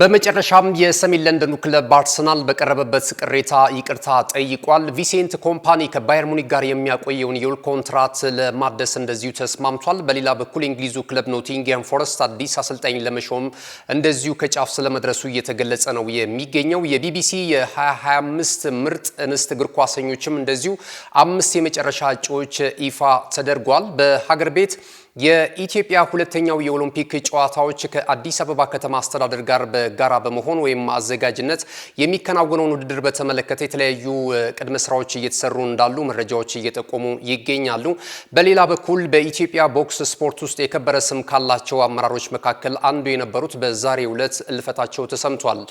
በመጨረሻም የሰሜን ለንደኑ ክለብ አርሰናል በቀረበበት ቅሬታ ይቅርታ ጠይቋል። ቪሴንት ኮምፓኒ ከባየር ሙኒክ ጋር የሚያቆየውን የውል ኮንትራት ለማደስ እንደዚሁ ተስማምቷል። በሌላ በኩል የእንግሊዙ ክለብ ኖቲንግሃም ፎረስት አዲስ አሰልጣኝ ለመሾም እንደዚሁ ከጫፍ ስለመድረሱ እየተገለጸ ነው የሚገኘው። የቢቢሲ የ2025 ምርጥ እንስት እግር ኳሰኞችም እንደዚሁ አምስት የመጨረሻ እጩዎች ይፋ ተደርጓል። በሀገር ቤት የኢትዮጵያ ሁለተኛው የኦሎምፒክ ጨዋታዎች ከአዲስ አበባ ከተማ አስተዳደር ጋር በጋራ በመሆን ወይም አዘጋጅነት የሚከናወነውን ውድድር በተመለከተ የተለያዩ ቅድመ ስራዎች እየተሰሩ እንዳሉ መረጃዎች እየጠቆሙ ይገኛሉ። በሌላ በኩል በኢትዮጵያ ቦክስ ስፖርት ውስጥ የከበረ ስም ካላቸው አመራሮች መካከል አንዱ የነበሩት በዛሬው ዕለት እልፈታቸው ተሰምቷል።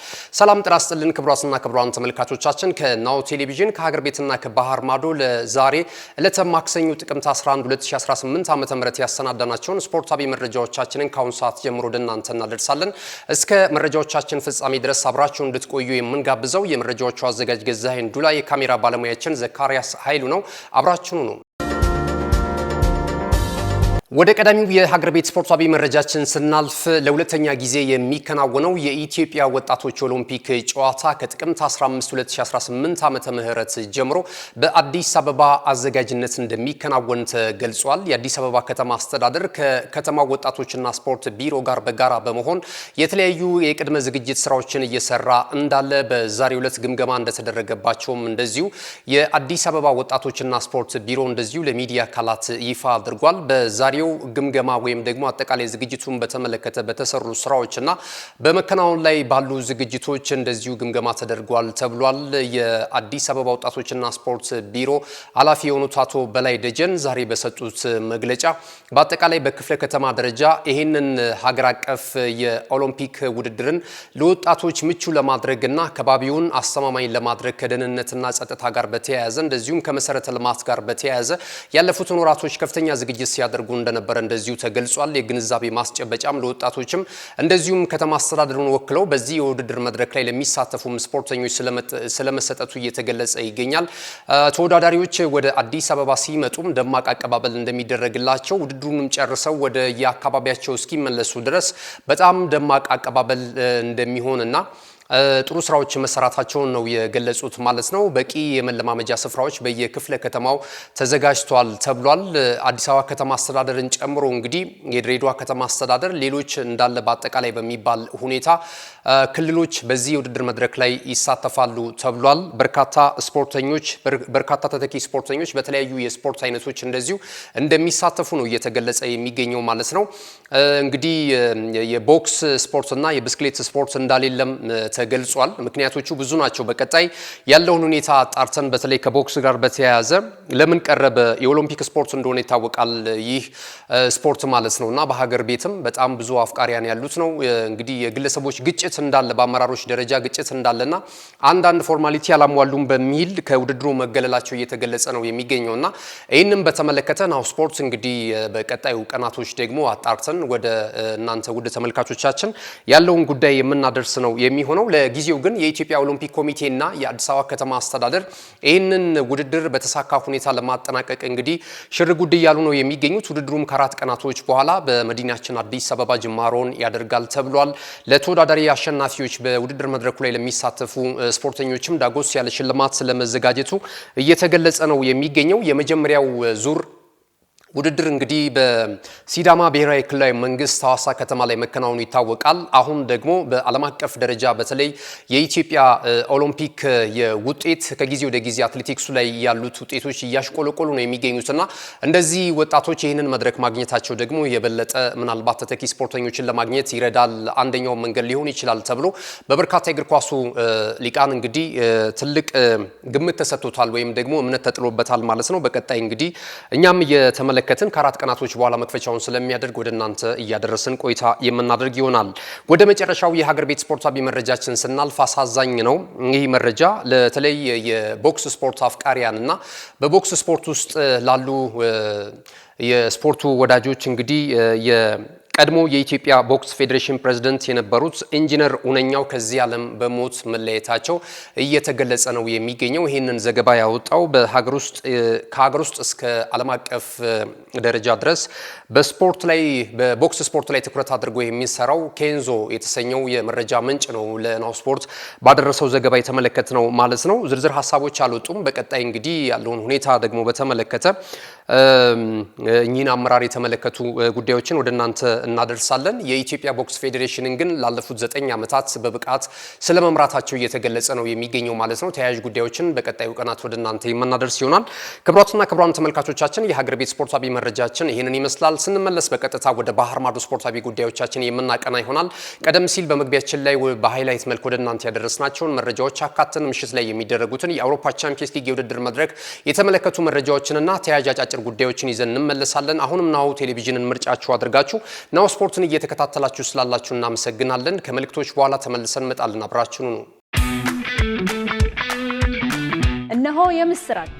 ሰላም ጤና ይስጥልን ክቡራትና ክቡራን ተመልካቾቻችን ከናሁ ቴሌቪዥን ከሀገር ቤትና ከባህር ማዶ ለዛሬ ዕለተ ማክሰኞ ጥቅምት 11 2018 ዓ ም ያሰናል ያሰናዳናቸውን ስፖርታዊ መረጃዎቻችንን ከአሁን ሰዓት ጀምሮ ወደ እናንተ እናደርሳለን። እስከ መረጃዎቻችን ፍጻሜ ድረስ አብራችሁ እንድትቆዩ የምንጋብዘው የመረጃዎቹ አዘጋጅ ገዛኸኝ ዱላ፣ የካሜራ ባለሙያችን ዘካርያስ ኃይሉ ነው። አብራችሁኑ ነው። ወደ ቀዳሚው የሀገር ቤት ስፖርታዊ መረጃችን ስናልፍ ለሁለተኛ ጊዜ የሚከናወነው የኢትዮጵያ ወጣቶች ኦሎምፒክ ጨዋታ ከጥቅምት 15 2018 ዓመተ ምህረት ጀምሮ በአዲስ አበባ አዘጋጅነት እንደሚከናወን ተገልጿል። የአዲስ አበባ ከተማ አስተዳደር ከከተማ ወጣቶችና ስፖርት ቢሮ ጋር በጋራ በመሆን የተለያዩ የቅድመ ዝግጅት ስራዎችን እየሰራ እንዳለ በዛሬው ዕለት ግምገማ እንደተደረገባቸውም እንደዚሁ የአዲስ አበባ ወጣቶችና ስፖርት ቢሮ እንደዚሁ ለሚዲያ አካላት ይፋ አድርጓል። በዛሬው የዛሬው ግምገማ ወይም ደግሞ አጠቃላይ ዝግጅቱን በተመለከተ በተሰሩ እና በመከናወን ላይ ባሉ ዝግጅቶች እንደዚሁ ግምገማ ተደርጓል ተብሏል። የአዲስ አበባ ወጣቶችና ስፖርት ቢሮ ኃላፊ የሆኑት አቶ በላይ ደጀን ዛሬ በሰጡት መግለጫ በአጠቃላይ በክፍለ ከተማ ደረጃ ይህንን ሀገር አቀፍ የኦሎምፒክ ውድድርን ለወጣቶች ምቹ ለማድረግና ከባቢውን አስተማማኝ ለማድረግ ከደህንነትና ጸጥታ ጋር በተያያዘ እንደዚሁም ከመሰረተ ልማት ጋር በተያያዘ ያለፉትን ወራቶች ከፍተኛ ዝግጅት ሲያደርጉ እንደ እንደነበረ እንደዚሁ ተገልጿል። የግንዛቤ ማስጨበጫም ለወጣቶችም እንደዚሁም ከተማ አስተዳደሩን ወክለው በዚህ የውድድር መድረክ ላይ ለሚሳተፉም ስፖርተኞች ስለመሰጠቱ እየተገለጸ ይገኛል። ተወዳዳሪዎች ወደ አዲስ አበባ ሲመጡም ደማቅ አቀባበል እንደሚደረግላቸው ውድድሩንም ጨርሰው ወደ የአካባቢያቸው እስኪመለሱ ድረስ በጣም ደማቅ አቀባበል እንደሚሆንና ጥሩ ስራዎች መሰራታቸውን ነው የገለጹት ማለት ነው። በቂ የመለማመጃ ስፍራዎች በየክፍለ ከተማው ተዘጋጅቷል ተብሏል። አዲስ አበባ ከተማ አስተዳደርን ጨምሮ እንግዲህ የድሬዳዋ ከተማ አስተዳደር ሌሎች እንዳለ በአጠቃላይ በሚባል ሁኔታ ክልሎች በዚህ የውድድር መድረክ ላይ ይሳተፋሉ ተብሏል። በርካታ ስፖርተኞች በርካታ ተተኪ ስፖርተኞች በተለያዩ የስፖርት አይነቶች እንደዚሁ እንደሚሳተፉ ነው እየተገለጸ የሚገኘው ማለት ነው። እንግዲህ የቦክስ ስፖርትና የብስክሌት ስፖርት እንዳሌለም ተገልጿል። ምክንያቶቹ ብዙ ናቸው። በቀጣይ ያለውን ሁኔታ ጣርተን በተለይ ከቦክስ ጋር በተያያዘ ለምን ቀረበ የኦሎምፒክ ስፖርት እንደሆነ ይታወቃል ይህ ስፖርት ማለት ነው እና በሀገር ቤትም በጣም ብዙ አፍቃሪያን ያሉት ነው። እንግዲህ የግለሰቦች ግጭት ግጭት እንዳለ በአመራሮች ደረጃ ግጭት እንዳለና አንዳንድ ፎርማሊቲ አላሟሉም በሚል ከውድድሩ መገለላቸው እየተገለጸ ነው የሚገኘው እና ይህንም በተመለከተ ናሁ ስፖርት እንግዲህ በቀጣዩ ቀናቶች ደግሞ አጣርተን ወደ እናንተ ውድ ተመልካቾቻችን ያለውን ጉዳይ የምናደርስ ነው የሚሆነው። ለጊዜው ግን የኢትዮጵያ ኦሎምፒክ ኮሚቴና የአዲስ አበባ ከተማ አስተዳደር ይህንን ውድድር በተሳካ ሁኔታ ለማጠናቀቅ እንግዲህ ሽር ጉድ እያሉ ነው የሚገኙት። ውድድሩም ከአራት ቀናቶች በኋላ በመዲናችን አዲስ አበባ ጅማሮን ያደርጋል ተብሏል። ለተወዳዳሪ አሸናፊዎች በውድድር መድረኩ ላይ ለሚሳተፉ ስፖርተኞችም ዳጎስ ያለ ሽልማት ስለመዘጋጀቱ እየተገለጸ ነው የሚገኘው። የመጀመሪያው ዙር ውድድር እንግዲህ በሲዳማ ብሔራዊ ክልላዊ መንግስት ሀዋሳ ከተማ ላይ መከናወኑ ይታወቃል። አሁን ደግሞ በዓለም አቀፍ ደረጃ በተለይ የኢትዮጵያ ኦሎምፒክ የውጤት ከጊዜ ወደ ጊዜ አትሌቲክሱ ላይ ያሉት ውጤቶች እያሽቆለቆሉ ነው የሚገኙትና እንደዚህ ወጣቶች ይህንን መድረክ ማግኘታቸው ደግሞ የበለጠ ምናልባት ተተኪ ስፖርተኞችን ለማግኘት ይረዳል፣ አንደኛው መንገድ ሊሆን ይችላል ተብሎ በበርካታ የእግር ኳሱ ሊቃን እንግዲህ ትልቅ ግምት ተሰጥቶታል ወይም ደግሞ እምነት ተጥሎበታል ማለት ነው። በቀጣይ እንግዲህ እኛም እየተመለ እየተመለከትን ከአራት ቀናቶች በኋላ መክፈቻውን ስለሚያደርግ ወደ እናንተ እያደረስን ቆይታ የምናደርግ ይሆናል። ወደ መጨረሻው የሀገር ቤት ስፖርታዊ መረጃችን ስናልፍ አሳዛኝ ነው። ይህ መረጃ በተለይ የቦክስ ስፖርት አፍቃሪያን እና በቦክስ ስፖርት ውስጥ ላሉ የስፖርቱ ወዳጆች እንግዲህ ቀድሞ የኢትዮጵያ ቦክስ ፌዴሬሽን ፕሬዝደንት የነበሩት ኢንጂነር እውነኛው ከዚህ ዓለም በሞት መለየታቸው እየተገለጸ ነው የሚገኘው። ይህንን ዘገባ ያወጣው በሀገር ውስጥ ከሀገር ውስጥ እስከ ዓለም አቀፍ ደረጃ ድረስ በስፖርት ላይ በቦክስ ስፖርት ላይ ትኩረት አድርጎ የሚሰራው ኬንዞ የተሰኘው የመረጃ ምንጭ ነው ለናሁ ስፖርት ባደረሰው ዘገባ የተመለከት ነው ማለት ነው። ዝርዝር ሀሳቦች አልወጡም። በቀጣይ እንግዲህ ያለውን ሁኔታ ደግሞ በተመለከተ እኚህን አመራር የተመለከቱ ጉዳዮችን ወደ እናንተ እናደርሳለን። የኢትዮጵያ ቦክስ ፌዴሬሽንን ግን ላለፉት ዘጠኝ ዓመታት በብቃት ስለ መምራታቸው እየተገለጸ ነው የሚገኘው ማለት ነው። ተያያዥ ጉዳዮችን በቀጣዩ ቀናት ወደ እናንተ የምናደርስ ይሆናል። ክቡራትና ክቡራን ተመልካቾቻችን የሀገር ቤት ስፖርታዊ መረጃችን ይህንን ይመስላል። ስንመለስ በቀጥታ ወደ ባህር ማዶ ስፖርታዊ ጉዳዮቻችን የምናቀና ይሆናል። ቀደም ሲል በመግቢያችን ላይ በሃይላይት መልክ ወደ እናንተ ያደረስናቸውን መረጃዎች አካተን ምሽት ላይ የሚደረጉትን የአውሮፓ ቻምፒየንስ ሊግ የውድድር መድረክ የተመለከቱ መረጃዎችንና ተያያዥ አጫጭር ጉዳዮችን ይዘን እንመለሳለን። አሁንም ናሁ ቴሌቪዥንን ምርጫችሁ አድርጋችሁ ናሁ ስፖርትን እየተከታተላችሁ ስላላችሁ እናመሰግናለን። ከመልእክቶች በኋላ ተመልሰን እንመጣለን። አብራችኑ ነው። እነሆ የምስራች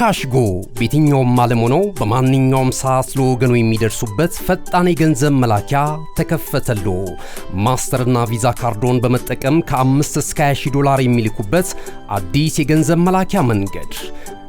ካሽጎ በየትኛውም ዓለም ሆኖ በማንኛውም ሰዓት ለወገኑ የሚደርሱበት ፈጣን የገንዘብ መላኪያ ተከፈተሉ። ማስተርና ቪዛ ካርዶን በመጠቀም ከ5 እስከ 20 ዶላር የሚልኩበት አዲስ የገንዘብ መላኪያ መንገድ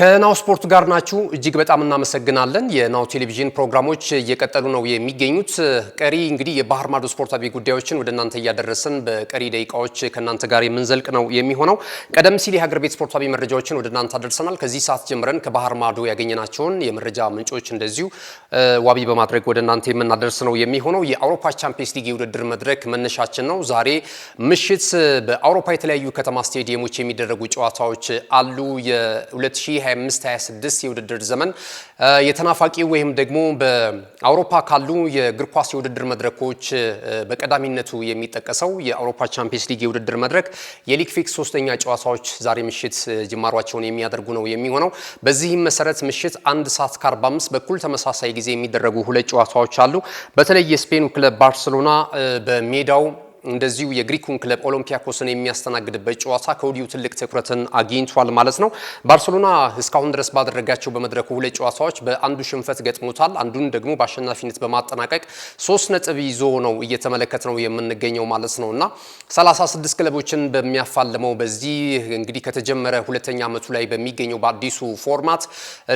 ከናሁ ስፖርት ጋር ናችሁ። እጅግ በጣም እናመሰግናለን። የናሁ ቴሌቪዥን ፕሮግራሞች እየቀጠሉ ነው የሚገኙት። ቀሪ እንግዲህ የባህር ማዶ ስፖርታዊ ጉዳዮችን ወደ እናንተ እያደረስን በቀሪ ደቂቃዎች ከእናንተ ጋር የምንዘልቅ ነው የሚሆነው። ቀደም ሲል የሀገር ቤት ስፖርታዊ መረጃዎችን ወደ እናንተ አደርሰናል። ከዚህ ሰዓት ጀምረን ከባህር ማዶ ያገኘናቸውን የመረጃ ምንጮች እንደዚሁ ዋቢ በማድረግ ወደ እናንተ የምናደርስ ነው የሚሆነው። የአውሮፓ ቻምፒየንስ ሊግ የውድድር መድረክ መነሻችን ነው። ዛሬ ምሽት በአውሮፓ የተለያዩ ከተማ ስቴዲየሞች የሚደረጉ ጨዋታዎች አሉ የ 2526 የውድድር ዘመን የተናፋቂ ወይም ደግሞ በአውሮፓ ካሉ የእግር ኳስ የውድድር መድረኮች በቀዳሚነቱ የሚጠቀሰው የአውሮፓ ቻምፒየንስ ሊግ የውድድር መድረክ የሊግ ፊክስ ሶስተኛ ጨዋታዎች ዛሬ ምሽት ጅማሯቸውን የሚያደርጉ ነው የሚሆነው። በዚህም መሰረት ምሽት አንድ ሰዓት ከ45 በኩል ተመሳሳይ ጊዜ የሚደረጉ ሁለት ጨዋታዎች አሉ። በተለይ የስፔኑ ክለብ ባርሴሎና በሜዳው እንደዚሁ የግሪኩን ክለብ ኦሎምፒያኮስን የሚያስተናግድበት ጨዋታ ከወዲሁ ትልቅ ትኩረትን አግኝቷል ማለት ነው። ባርሰሎና እስካሁን ድረስ ባደረጋቸው በመድረኩ ሁለት ጨዋታዎች በአንዱ ሽንፈት ገጥሞታል፣ አንዱን ደግሞ በአሸናፊነት በማጠናቀቅ ሶስት ነጥብ ይዞ ነው እየተመለከት ነው የምንገኘው ማለት ነው እና 36 ክለቦችን በሚያፋልመው በዚህ እንግዲህ ከተጀመረ ሁለተኛ ዓመቱ ላይ በሚገኘው በአዲሱ ፎርማት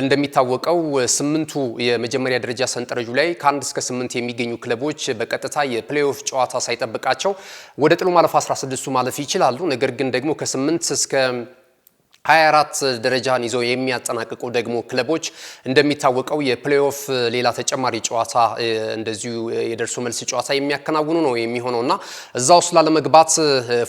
እንደሚታወቀው ስምንቱ የመጀመሪያ ደረጃ ሰንጠረዡ ላይ ከአንድ እስከ ስምንት የሚገኙ ክለቦች በቀጥታ የፕሌይኦፍ ጨዋታ ሳይጠብቃቸው ወደ ጥሎ ማለፍ 16ቱ ማለፍ ይችላሉ። ነገር ግን ደግሞ ከ8 እስከ 24 አራት ደረጃን ይዘው የሚያጠናቅቁ ደግሞ ክለቦች እንደሚታወቀው የፕሌኦፍ ሌላ ተጨማሪ ጨዋታ እንደዚሁ የደርሶ መልስ ጨዋታ የሚያከናውኑ ነው የሚሆነው እና እዛ ውስጥ ላለመግባት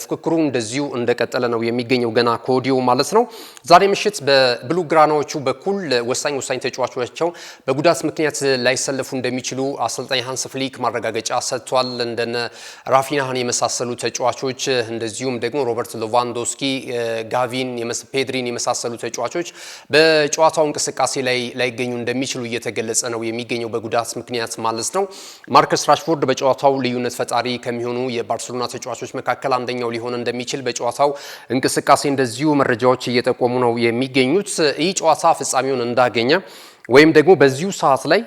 ፉክክሩ እንደዚሁ እንደቀጠለ ነው የሚገኘው ገና ከወዲሁ ማለት ነው። ዛሬ ምሽት በብሉ ግራናዎቹ በኩል ወሳኝ ወሳኝ ተጫዋቾቻቸው በጉዳት ምክንያት ላይሰለፉ እንደሚችሉ አሰልጣኝ ሃንስ ፍሊክ ማረጋገጫ ሰጥቷል። እንደነ ራፊናህን የመሳሰሉ ተጫዋቾች እንደዚሁም ደግሞ ሮበርት ሌቫንዶስኪ፣ ጋቪን የመስፔ pedሪን የመሳሰሉ ተጫዋቾች በጨዋታው እንቅስቃሴ ላይ ላይገኙ እንደሚችሉ እየተገለጸ ነው የሚገኘው በጉዳት ምክንያት ማለት ነው። ማርከስ ራሽፎርድ በጨዋታው ልዩነት ፈጣሪ ከሚሆኑ የባርሴሎና ተጫዋቾች መካከል አንደኛው ሊሆን እንደሚችል በጨዋታው እንቅስቃሴ እንደዚሁ መረጃዎች እየጠቆሙ ነው የሚገኙት። ይህ ጨዋታ ፍጻሜውን እንዳገኘ ወይም ደግሞ በዚሁ ሰዓት ላይ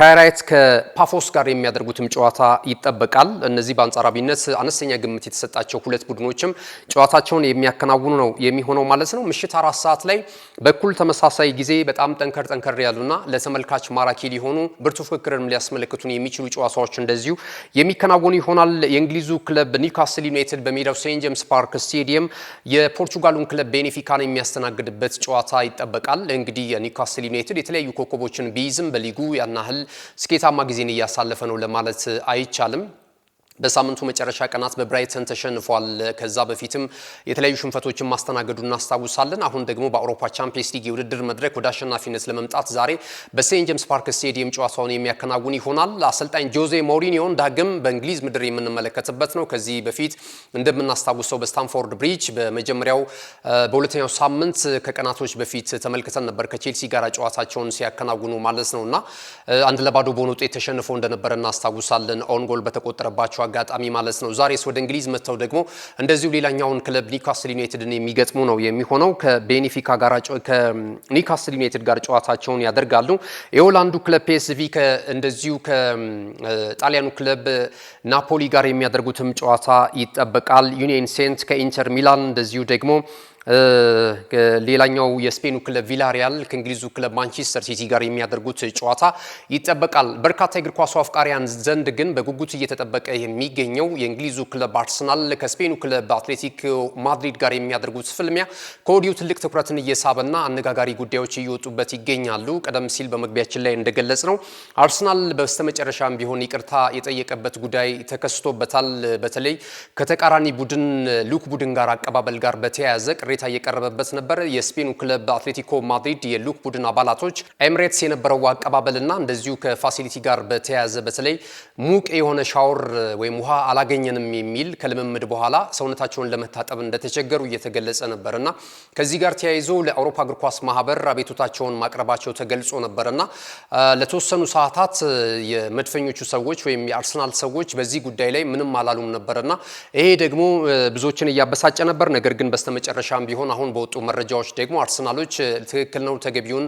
ከራይት ከፓፎስ ጋር የሚያደርጉትም ጨዋታ ይጠበቃል። እነዚህ በአንጻራቢነት አነስተኛ ግምት የተሰጣቸው ሁለት ቡድኖችም ጨዋታቸውን የሚያከናውኑ ነው የሚሆነው ማለት ነው። ምሽት አራት ሰዓት ላይ በኩል ተመሳሳይ ጊዜ በጣም ጠንከር ጠንከር ያሉና ለተመልካች ማራኪ ሊሆኑ ብርቱ ፍክክርም ሊያስመለክቱን የሚችሉ ጨዋታዎች እንደዚሁ የሚከናወኑ ይሆናል። የእንግሊዙ ክለብ ኒውካስል ዩናይትድ በሜዳው ሴንት ጄምስ ፓርክ ስቴዲየም የፖርቹጋሉን ክለብ ቤኔፊካን የሚያስተናግድበት ጨዋታ ይጠበቃል። እንግዲህ ኒውካስል ዩናይትድ የተለያዩ ኮከቦችን ቢይዝም በሊጉ ያናህል ስኬታማ ጊዜን እያሳለፈ ነው ለማለት አይቻልም። በሳምንቱ መጨረሻ ቀናት በብራይተን ተሸንፏል። ከዛ በፊትም የተለያዩ ሽንፈቶችን ማስተናገዱ እናስታውሳለን። አሁን ደግሞ በአውሮፓ ቻምፒየንስ ሊግ የውድድር መድረክ ወደ አሸናፊነት ለመምጣት ዛሬ በሴንት ጄምስ ፓርክ ስቴዲየም ጨዋታውን የሚያከናውን ይሆናል። አሰልጣኝ ጆዜ ሞሪኒዮን ዳግም በእንግሊዝ ምድር የምንመለከትበት ነው። ከዚህ በፊት እንደምናስታውሰው በስታንፎርድ ብሪጅ በመጀመሪያው በሁለተኛው ሳምንት ከቀናቶች በፊት ተመልክተን ነበር ከቼልሲ ጋር ጨዋታቸውን ሲያከናውኑ ማለት ነው እና አንድ ለባዶ በሆነ ውጤት ተሸንፎ እንደነበረ እናስታውሳለን። ኦን ጎል በተቆጠረባቸው አጋጣሚ ማለት ነው። ዛሬስ ወደ እንግሊዝ መጥተው ደግሞ እንደዚሁ ሌላኛውን ክለብ ኒውካስል ዩናይትድን የሚገጥሙ ነው የሚሆነው። ከቤኔፊካ ጋር ከኒውካስል ዩናይትድ ጋር ጨዋታቸውን ያደርጋሉ። የሆላንዱ ክለብ ፒኤስቪ እንደዚሁ ከጣሊያኑ ክለብ ናፖሊ ጋር የሚያደርጉትም ጨዋታ ይጠበቃል። ዩኒየን ሴንት ከኢንተር ሚላን እንደዚሁ ደግሞ ሌላኛው የስፔኑ ክለብ ቪላሪያል ከእንግሊዙ ክለብ ማንቸስተር ሲቲ ጋር የሚያደርጉት ጨዋታ ይጠበቃል። በርካታ የእግር ኳስ አፍቃሪያን ዘንድ ግን በጉጉት እየተጠበቀ የሚገኘው የእንግሊዙ ክለብ አርሰናል ከስፔኑ ክለብ አትሌቲክ ማድሪድ ጋር የሚያደርጉት ፍልሚያ ከወዲሁ ትልቅ ትኩረትን እየሳበና አነጋጋሪ ጉዳዮች እየወጡበት ይገኛሉ። ቀደም ሲል በመግቢያችን ላይ እንደገለጽ ነው አርሰናል በስተመጨረሻም ቢሆን ይቅርታ የጠየቀበት ጉዳይ ተከስቶበታል። በተለይ ከተቃራኒ ቡድን ሉክ ቡድን ጋር አቀባበል ጋር በተያያዘ ቅሬታ እየቀረበበት ነበር። የስፔኑ ክለብ አትሌቲኮ ማድሪድ የሉክ ቡድን አባላቶች ኤምሬትስ የነበረው አቀባበልና እንደዚሁ ከፋሲሊቲ ጋር በተያያዘ በተለይ ሙቅ የሆነ ሻወር ወይም ውሃ አላገኘንም የሚል ከልምምድ በኋላ ሰውነታቸውን ለመታጠብ እንደተቸገሩ እየተገለጸ ነበር እና ከዚህ ጋር ተያይዞ ለአውሮፓ እግር ኳስ ማህበር አቤቱታቸውን ማቅረባቸው ተገልጾ ነበርና ለተወሰኑ ሰዓታት የመድፈኞቹ ሰዎች ወይም የአርሰናል ሰዎች በዚህ ጉዳይ ላይ ምንም አላሉም ነበርና ይሄ ደግሞ ብዙዎችን እያበሳጨ ነበር። ነገር ግን በስተመጨረሻ ደረጃም ቢሆን አሁን በወጡ መረጃዎች ደግሞ አርሰናሎች ትክክል ነው ተገቢውን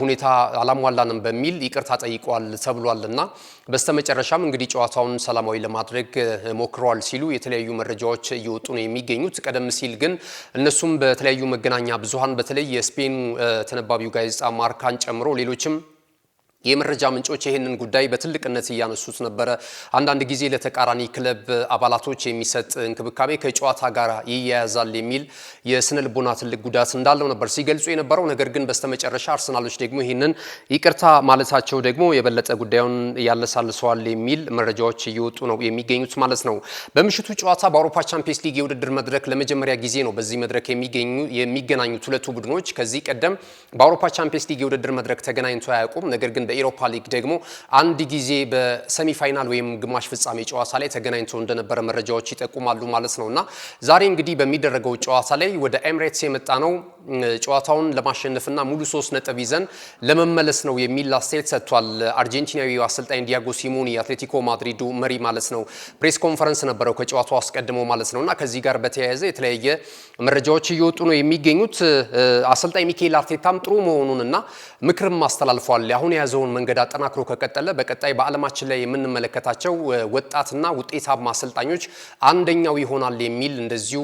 ሁኔታ አላሟላንም በሚል ይቅርታ ጠይቋል ተብሏል እና በስተመጨረሻም እንግዲህ ጨዋታውን ሰላማዊ ለማድረግ ሞክረዋል ሲሉ የተለያዩ መረጃዎች እየወጡ ነው የሚገኙት። ቀደም ሲል ግን እነሱም በተለያዩ መገናኛ ብዙሃን በተለይ የስፔኑ ተነባቢው ጋዜጣ ማርካን ጨምሮ ሌሎችም የመረጃ ምንጮች ይህንን ጉዳይ በትልቅነት እያነሱት ነበረ። አንዳንድ ጊዜ ለተቃራኒ ክለብ አባላቶች የሚሰጥ እንክብካቤ ከጨዋታ ጋር ይያያዛል የሚል የስነ ልቦና ትልቅ ጉዳት እንዳለው ነበር ሲገልጹ የነበረው። ነገር ግን በስተመጨረሻ አርሰናሎች ደግሞ ይህንን ይቅርታ ማለታቸው ደግሞ የበለጠ ጉዳዩን ያለሳልሰዋል የሚል መረጃዎች እየወጡ ነው የሚገኙት ማለት ነው። በምሽቱ ጨዋታ በአውሮፓ ቻምፒየንስ ሊግ የውድድር መድረክ ለመጀመሪያ ጊዜ ነው በዚህ መድረክ የሚገናኙት ሁለቱ ቡድኖች። ከዚህ ቀደም በአውሮፓ ቻምፒየንስ ሊግ የውድድር መድረክ ተገናኝቶ አያውቁም። ነገር ግን በኢሮፓ ሊግ ደግሞ አንድ ጊዜ በሰሚፋይናል ወይም ግማሽ ፍጻሜ ጨዋታ ላይ ተገናኝቶ እንደነበረ መረጃዎች ይጠቁማሉ ማለት ነው እና ዛሬ እንግዲህ በሚደረገው ጨዋታ ላይ ወደ ኤምሬትስ የመጣ ነው ጨዋታውን ለማሸነፍና ሙሉ ሶስት ነጥብ ይዘን ለመመለስ ነው የሚል አስተያየት ሰጥቷል። አርጀንቲናዊ አሰልጣኝ ዲያጎ ሲሞኒ የአትሌቲኮ ማድሪዱ መሪ ማለት ነው። ፕሬስ ኮንፈረንስ ነበረው ከጨዋታው አስቀድሞ ማለት ነው እና ከዚህ ጋር በተያያዘ የተለያየ መረጃዎች እየወጡ ነው የሚገኙት። አሰልጣኝ ሚካኤል አርቴታም ጥሩ መሆኑን እና ምክርም አስተላልፏል። አሁን የያዘው የያዘውን መንገድ አጠናክሮ ከቀጠለ በቀጣይ በዓለማችን ላይ የምንመለከታቸው ወጣትና ውጤታማ አሰልጣኞች አንደኛው ይሆናል የሚል እንደዚሁ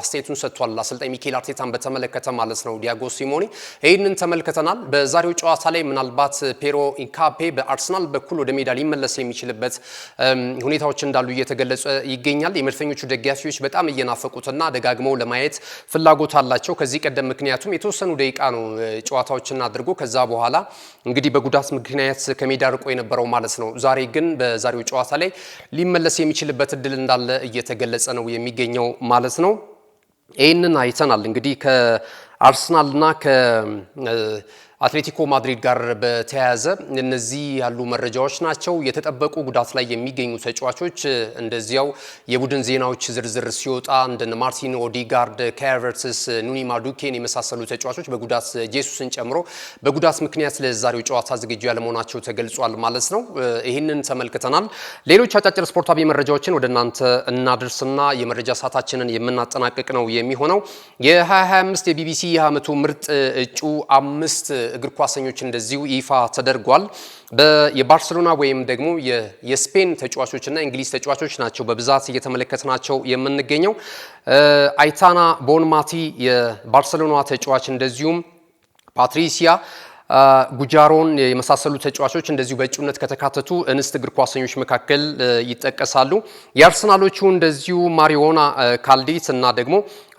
አስተያየቱን ሰጥቷል። አሰልጣኝ ሚኬል አርቴታን በተመለከተ ማለት ነው። ዲያጎ ሲሞኔ ይህንን ተመልክተናል። በዛሬው ጨዋታ ላይ ምናልባት ፔሮ ኢንካፔ በአርሰናል በኩል ወደ ሜዳ ሊመለስ የሚችልበት ሁኔታዎች እንዳሉ እየተገለጸ ይገኛል። የመድፈኞቹ ደጋፊዎች በጣም እየናፈቁትና ደጋግመው ለማየት ፍላጎት አላቸው። ከዚህ ቀደም ምክንያቱም የተወሰኑ ደቂቃ ነው ጨዋታዎችን አድርጎ ከዛ በኋላ እንግዲህ በጉዳት ምክንያት ከሜዳ ርቆ የነበረው ማለት ነው። ዛሬ ግን በዛሬው ጨዋታ ላይ ሊመለስ የሚችልበት እድል እንዳለ እየተገለጸ ነው የሚገኘው ማለት ነው። ይህንን አይተናል እንግዲህ ከአርሰናልና ከአትሌቲኮ ማድሪድ ጋር በተያያዘ እነዚህ ያሉ መረጃዎች ናቸው። የተጠበቁ ጉዳት ላይ የሚገኙ ተጫዋቾች እንደዚያው የቡድን ዜናዎች ዝርዝር ሲወጣ እንደ ማርቲን ኦዲጋርድ፣ ካቨርትስ፣ ኑኒ ማዱኬን የመሳሰሉ ተጫዋቾች በጉዳት ጄሱስን ጨምሮ በጉዳት ምክንያት ለዛሬው ጨዋታ ዝግጁ ያለመሆናቸው ተገልጿል ማለት ነው። ይህንን ተመልክተናል። ሌሎች አጫጭር ስፖርታዊ መረጃዎችን ወደ እናንተ እናድርስና የመረጃ ሰዓታችንን የምናጠናቅቅ ነው የሚሆነው የ2025 የቢቢሲ የዓመቱ ምርጥ እጩ አምስት እግር ኳሰኞች እንደዚሁ ይፋ ተደርጓል። የባርሰሎና ወይም ደግሞ የስፔን ተጫዋቾችና የእንግሊዝ ተጫዋቾች ናቸው በብዛት እየተመለከትናቸው የምንገኘው። አይታና ቦንማቲ የባርሰሎና ተጫዋች እንደዚሁም ፓትሪሲያ ጉጃሮን የመሳሰሉ ተጫዋቾች እንደዚሁ በእጩነት ከተካተቱ እንስት እግር ኳሰኞች መካከል ይጠቀሳሉ። የአርሰናሎቹ እንደዚሁ ማሪዮና ካልዴት እና ደግሞ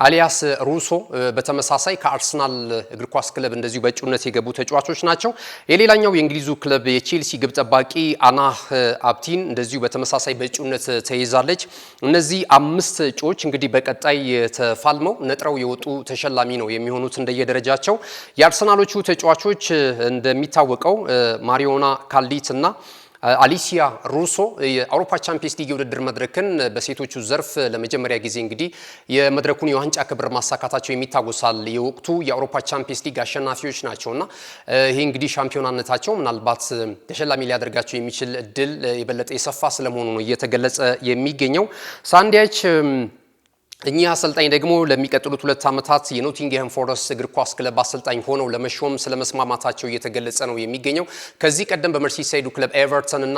አሊያስ ሩሶ በተመሳሳይ ከአርሰናል እግር ኳስ ክለብ እንደዚሁ በእጩነት የገቡ ተጫዋቾች ናቸው። የሌላኛው የእንግሊዙ ክለብ የቼልሲ ግብ ጠባቂ አናህ አብቲን እንደዚሁ በተመሳሳይ በእጩነት ተይዛለች። እነዚህ አምስት እጩዎች እንግዲህ በቀጣይ ተፋልመው ነጥረው የወጡ ተሸላሚ ነው የሚሆኑት እንደየደረጃቸው። የአርሰናሎቹ ተጫዋቾች እንደሚታወቀው ማሪዮና ካሊት እና አሊሲያ ሩሶ የአውሮፓ ቻምፒየንስ ሊግ የውድድር መድረክን በሴቶቹ ዘርፍ ለመጀመሪያ ጊዜ እንግዲህ የመድረኩን የዋንጫ ክብር ማሳካታቸው የሚታወሳል። የወቅቱ የአውሮፓ ቻምፒየንስ ሊግ አሸናፊዎች ናቸውና ይህ እንግዲህ ሻምፒዮናነታቸው ምናልባት ተሸላሚ ሊያደርጋቸው የሚችል እድል የበለጠ የሰፋ ስለመሆኑ ነው እየተገለጸ የሚገኘው ሳንዲያች እኚህ አሰልጣኝ ደግሞ ለሚቀጥሉት ሁለት ዓመታት የኖቲንግሃም ፎረስት እግር ኳስ ክለብ አሰልጣኝ ሆነው ለመሾም ስለመስማማታቸው እየተገለጸ ነው የሚገኘው። ከዚህ ቀደም በመርሲሳይዱ ክለብ ኤቨርተን እና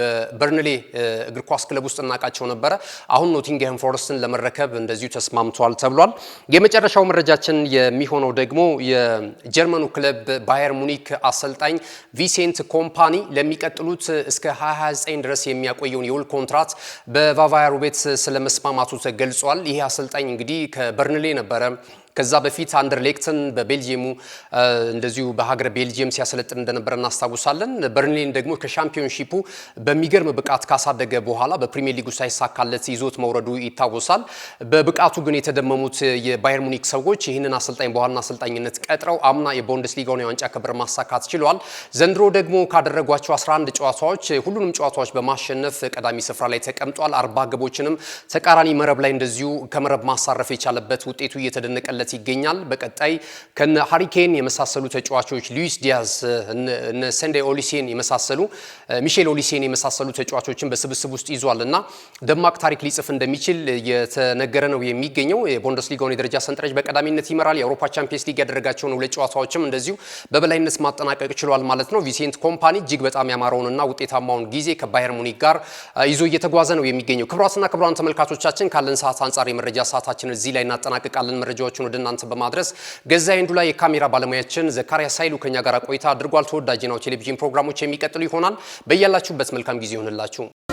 በበርንሌ እግር ኳስ ክለብ ውስጥ እናውቃቸው ነበረ። አሁን ኖቲንግሃም ፎረስትን ለመረከብ እንደዚሁ ተስማምቷል ተብሏል። የመጨረሻው መረጃችን የሚሆነው ደግሞ የጀርመኑ ክለብ ባየር ሙኒክ አሰልጣኝ ቪሴንት ኮምፓኒ ለሚቀጥሉት እስከ 2029 ድረስ የሚያቆየውን የውል ኮንትራት በቫቫየሩ ቤት ስለመስማማቱ ተገልጿል። ገልጿል። ይህ አሰልጣኝ እንግዲህ ከበርንሌ ነበረ ከዛ በፊት አንደርሌክትን በቤልጅየሙ እንደዚሁ በሀገር ቤልጅየም ሲያሰለጥን እንደነበረ እናስታውሳለን። በርንሌን ደግሞ ከሻምፒዮንሺፑ በሚገርም ብቃት ካሳደገ በኋላ በፕሪሚየር ሊጉ ሳይሳካለት ይዞት መውረዱ ይታወሳል። በብቃቱ ግን የተደመሙት የባየር ሙኒክ ሰዎች ይህንን አሰልጣኝ በዋና አሰልጣኝነት ቀጥረው አምና የቡንደስሊጋውን የዋንጫ ክብር ማሳካት ችሏል። ዘንድሮ ደግሞ ካደረጓቸው 11 ጨዋታዎች ሁሉንም ጨዋታዎች በማሸነፍ ቀዳሚ ስፍራ ላይ ተቀምጧል። አርባ ግቦችንም ተቃራኒ መረብ ላይ እንደዚሁ ከመረብ ማሳረፍ የቻለበት ውጤቱ እየተደነቀለት በቋሚነት ይገኛል። በቀጣይ ከነ ሃሪኬን የመሳሰሉ ተጫዋቾች ሉዊስ ዲያዝ፣ ሰንዴ ኦሊሴን የመሳሰሉ ሚሼል ኦሊሴን የመሳሰሉ ተጫዋቾችን በስብስብ ውስጥ ይዟል እና ደማቅ ታሪክ ሊጽፍ እንደሚችል የተነገረ ነው የሚገኘው። የቡንደስሊጋውን የደረጃ ሰንጠረዥ በቀዳሚነት ይመራል። የአውሮፓ ቻምፒየንስ ሊግ ያደረጋቸውን ሁለት ጨዋታዎችም እንደዚሁ በበላይነት ማጠናቀቅ ችሏል ማለት ነው። ቪሴንት ኮምፓኒ እጅግ በጣም ያማረውንና ውጤታማውን ጊዜ ከባየር ሙኒክ ጋር ይዞ እየተጓዘ ነው የሚገኘው። ክቡራትና ክቡራን ተመልካቾቻችን ካለን ሰዓት አንጻር የመረጃ ሰዓታችን እዚህ ላይ እናጠናቅቃለን። መረጃዎችን ወደ እናንተ በማድረስ ገዛ ላይ የካሜራ ባለሙያችን ዘካሪያ ሳይሉ ከኛ ጋር ቆይታ አድርጓል። ተወዳጅ ናሁ ቴሌቪዥን ፕሮግራሞች የሚቀጥሉ ይሆናል። በያላችሁበት መልካም ጊዜ ይሆንላችሁ።